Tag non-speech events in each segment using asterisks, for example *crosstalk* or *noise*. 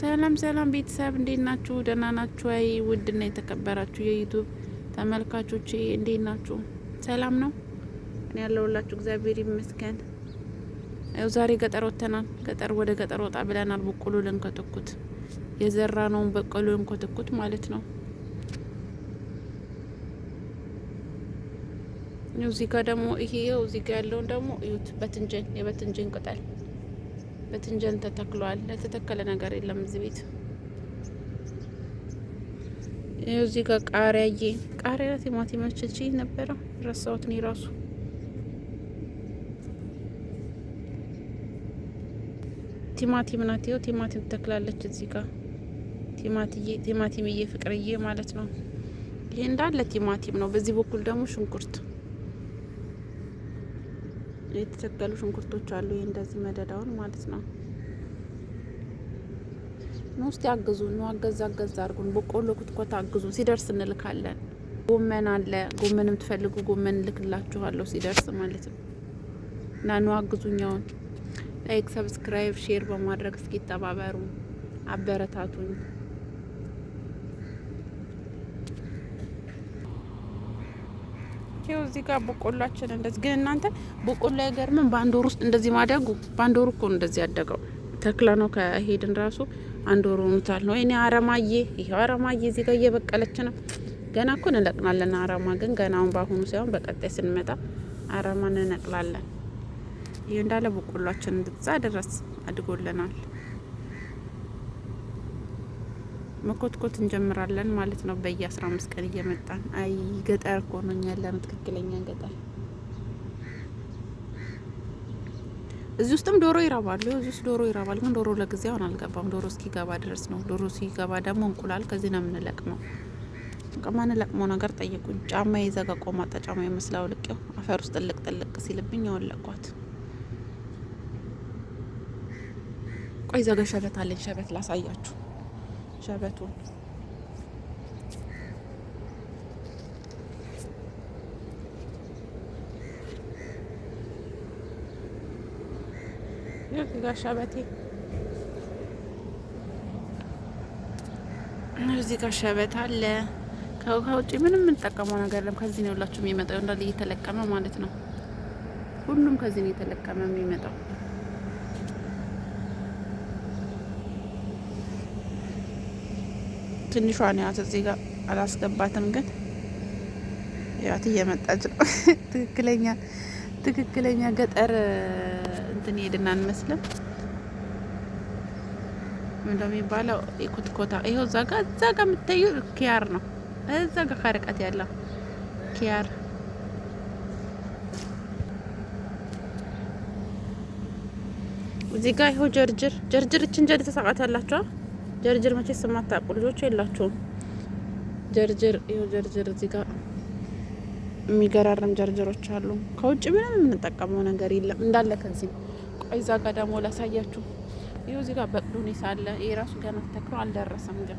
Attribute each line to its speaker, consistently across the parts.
Speaker 1: ሰላም ሰላም ቤተሰብ እንዴት ናችሁ? ደህና ናችሁ? አይ ውድና የተከበራችሁ የዩቱብ ተመልካቾች እንዴት ናችሁ? ሰላም ነው?
Speaker 2: እኔ ያለሁላችሁ እግዚአብሔር ይመስገን።
Speaker 1: ያው ዛሬ ገጠር ወጥተናል። ገጠር ወደ ገጠር ወጣ ብለናል። በቆሎ ልንኮተኩት የዘራ ነውን በቆሎ ልንኮተኩት ማለት ነው። እዚህ ጋር ደግሞ ይሄ ያው እዚህ ጋር ያለውን ደግሞ እዩት፣ በትንጀን የበትንጀን ቅጠል በትንጀን ተተክሏል። ለተተከለ ነገር የለም እዚህ ቤት። ይኸው እዚህ ጋር ቃሪያዬ ቃሪያ ቲማቲማች እቺ ነበረ ረሳሁት እኔ ራሱ ቲማቲም ናት። ይኸው ቲማቲም ትተክላለች እዚህ ጋር ቲማቲምዬ ፍቅርዬ ማለት ነው። ይሄ እንዳለ ቲማቲም ነው። በዚህ በኩል ደግሞ ሽንኩርት የተተከሉ ሽንኩርቶች አሉ። ይህ እንደዚህ መደዳውን ማለት ነው። ውስጥ ያግዙ ነው። አገዛ አገዛ አርጉን። በቆሎ ኩትኮት አግዙ። ሲደርስ እንልካለን። ጎመን አለ። ጎመን የምትፈልጉ ጎመን እልክላችኋለሁ ሲደርስ ማለት ነው። እና ኑ አግዙኛውን። ላይክ፣ ሰብስክራይብ፣ ሼር በማድረግ እስኪ ተባበሩ፣ አበረታቱኝ። ይኸው እዚህ ጋር በቆሏችን እንደዚህ። ግን እናንተ በቆሎ አይገርምም? በአንድ ወር ውስጥ እንደዚህ ማደጉ። በአንድ ወር እኮ እንደዚህ ያደገው ተክለ ነው። ከሄድን ራሱ አንድ ወር ሆኑታል ነው። እኔ አረማዬ፣ ይኸው አረማዬ እዚህ ጋር እየበቀለች ነው። ገና እኮ እንለቅናለን። አረማ ግን ገና አሁን በአሁኑ ሳይሆን በቀጣይ ስንመጣ አረማ እንነቅላለን። ይህ እንዳለ በቆሏችን እንድትዛ ድረስ አድጎልናል። መኮትኮት እንጀምራለን ማለት ነው። በየ አስራ አምስት ቀን እየመጣን አይ ገጠር እኮ ነው እኛ ያለነው ትክክለኛ ገጠር። እዚህ ውስጥም ዶሮ ይረባሉ። እዚህ ውስጥ ዶሮ ይረባል፣ ግን ዶሮ ለጊዜ አሁን አልገባም። ዶሮ እስኪገባ ድረስ ነው። ዶሮ ሲገባ ደግሞ እንቁላል ከዚህ ነው የምንለቅመው። ማንለቅመው ነገር ጠይቁኝ። ጫማ የዘጋ ቆማጣ ጫማ የመስላው ልቄው አፈር ውስጥ ጥልቅ ጥልቅ ሲልብኝ ያወለቋት። ቆይ ዘጋ ሸበት አለኝ፣ ሸበት ላሳያችሁ ሸበቱን ጋር ሸበቴ እዚህ ጋር ሸበት አለ። ከውጭ ምንም የምንጠቀመው ነገር የለም። ከዚህ ነው ሁላችሁ የሚመጣው እንዳለ እየተለቀመ ማለት ነው። ሁሉም ከዚህ ነው የተለቀመ የሚመጣው። ትንሿን ያት እዚህ ጋር አላስገባትም፣ ግን ያት እየመጣች ነው። *laughs* ትክክለኛ ትክክለኛ ገጠር እንትን ሄድን አንመስልም። ምንድነው የሚባለው? የኩትኮታ ይኸው እዛ ጋ እዛ ጋ የምታዩ ኪያር ነው። እዛ ጋ ከርቀት ያለው ኪያር እዚህ ጋ ይኸው ጀርጅር ጀርጅር እችን ጀድ ተሳቃት ጀርጀር መቼ ስማታቁ ልጆች የላችሁም። ጀርጀር ይኸው ጀርጀር እዚህ ጋር የሚገራርም ጀርጀሮች አሉ። ከውጭ ምንም የምንጠቀመው ነገር የለም እንዳለ ከዚህ ቆይ፣ እዛ ጋ ደግሞ ላሳያችሁ። ይኸው እዚህ ጋር በቅዱኔ ሳለ የራሱ ገና ተክሎ አልደረሰም ግን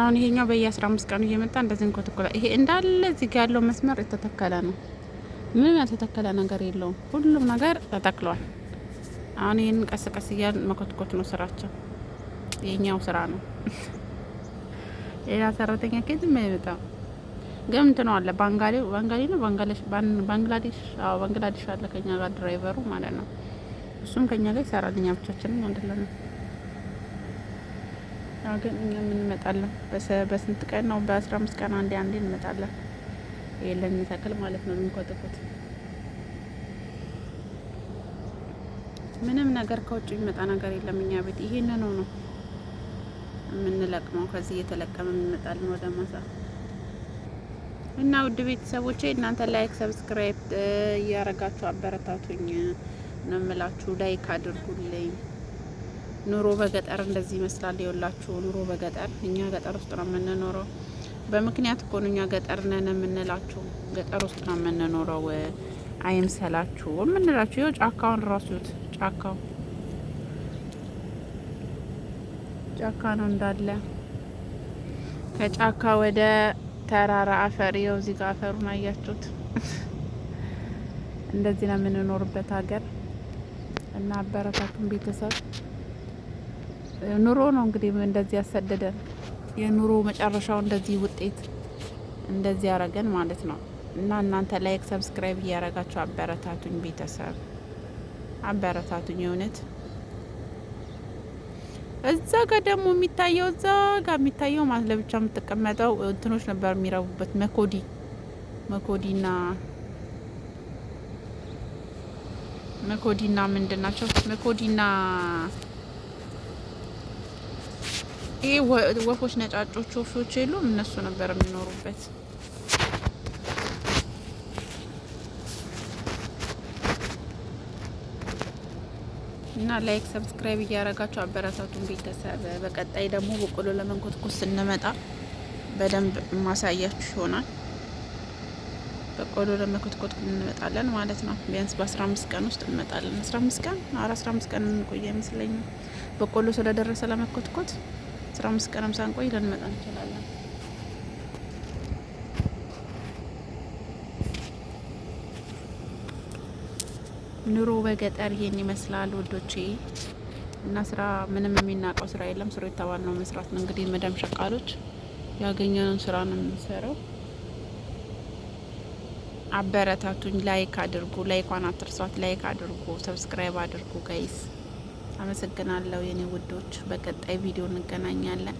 Speaker 1: ነው። አሁን ይሄኛው በየ15 ቀኑ እየመጣ እንደዚህ እንኮትኮታል። ይሄ እንዳለ እዚህ ጋ ያለው መስመር የተተከለ ነው። ምንም ያልተተከለ ነገር የለውም። ሁሉም ነገር ተተክሏል። አሁን ይህንን ቀስ ቀስ እያል መኮትኮት ነው ስራቸው። የኛው ስራ ነው። ሌላ ሰራተኛ ከየትም አይመጣም። ግን እንትን ነው አለ ባንጋሌ ባንጋሌ ነው ባንግላዴሽ አዎ ባንግላዴሽ አለ ከኛ ጋር ድራይቨሩ ማለት ነው። እሱም ከኛ ጋር ይሰራል። እኛ ብቻችንን አንድ ነው። ግን እኛም እንመጣለን። በስንት ቀን ነው? በአስራ አምስት ቀን አንዴ አንዴ እንመጣለን። የለን ተክል ማለት ነው የሚቆጥቁት ምንም ነገር ከውጭ የሚመጣ ነገር የለም። እኛ ቤት ይሄንን ነው የምንለቅመው። ከዚህ እየተለቀመ እንመጣለን ወደ ማሳ እና ውድ ቤተሰቦቼ እናንተ ላይክ፣ ሰብስክራይብ እያረጋችሁ አበረታቱኝ ነው የምላችሁ። ላይክ አድርጉልኝ። ኑሮ በገጠር እንደዚህ ይመስላል። የወላችሁ ኑሮ በገጠር እኛ ገጠር ውስጥ ነው የምንኖረው። በምክንያት እኮ ነው እኛ ገጠር ነን የምንላችሁ። ገጠር ውስጥ ነው የምንኖረው። አይምሰላችሁ የምንላችሁ ይኸው ጫካውን ራሱት ጫካው ጫካ ነው እንዳለ። ከጫካ ወደ ተራራ አፈር ይኸው እዚህ ጋር አፈሩን አያችሁት። *laughs* እንደዚህ ነው የምንኖርበት ሀገር እና አበረታቱን ቤተሰብ ኑሮ ነው እንግዲህ እንደዚህ ያሰደደን የኑሮ መጨረሻው እንደዚህ ውጤት እንደዚህ ያረገን ማለት ነው። እና እናንተ ላይክ ሰብስክራይብ እያረጋችሁ አበረታቱኝ፣ ቤተሰብ አበረታቱኝ። የእውነት እዛ ጋር ደግሞ የሚታየው እዛ ጋር የሚታየው ማለት ለብቻ የምትቀመጠው እንትኖች ነበር የሚረቡበት መኮዲ መኮዲና መኮዲና ምንድን ናቸው መኮዲና ይሄ ወፎች ነጫጮች ወፎች የሉም፣ እነሱ ነበር የሚኖሩበት። እና ላይክ ሰብስክራይብ እያረጋችሁ አበረታቱን ቤተሰብ። በቀጣይ ደግሞ በቆሎ ለመንኮትኮስ ስንመጣ በደንብ ማሳያችሁ ይሆናል። በቆሎ ለመኮትኮት እንመጣለን ማለት ነው። ቢያንስ በ15 ቀን ውስጥ እንመጣለን። 15 ቀን አራ 15 ቀን የምንቆየ ይመስለኛል በቆሎ ስለደረሰ ለመኮትኮት አስራ አምስት ቀንም ሳንቆይ ልንመጣ እንችላለን። ኑሮ በገጠር ይሄን ይመስላል ውዶቼ። እና ስራ ምንም የሚናቀው ስራ የለም። ስሩ የተባልነው መስራት ነው። እንግዲህ መዳም ሸቃሎች ያገኘነውን ስራ ነው የምንሰራው። አበረታቱኝ። ላይክ አድርጉ። ላይኳን አትርሷት። ላይክ አድርጉ፣ ሰብስክራይብ አድርጉ ጋይስ አመሰግናለሁ የኔ ውዶች። በቀጣይ ቪዲዮ እንገናኛለን።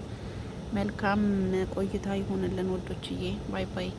Speaker 1: መልካም ቆይታ ይሆንልን ውዶችዬ። ባይ ባይ።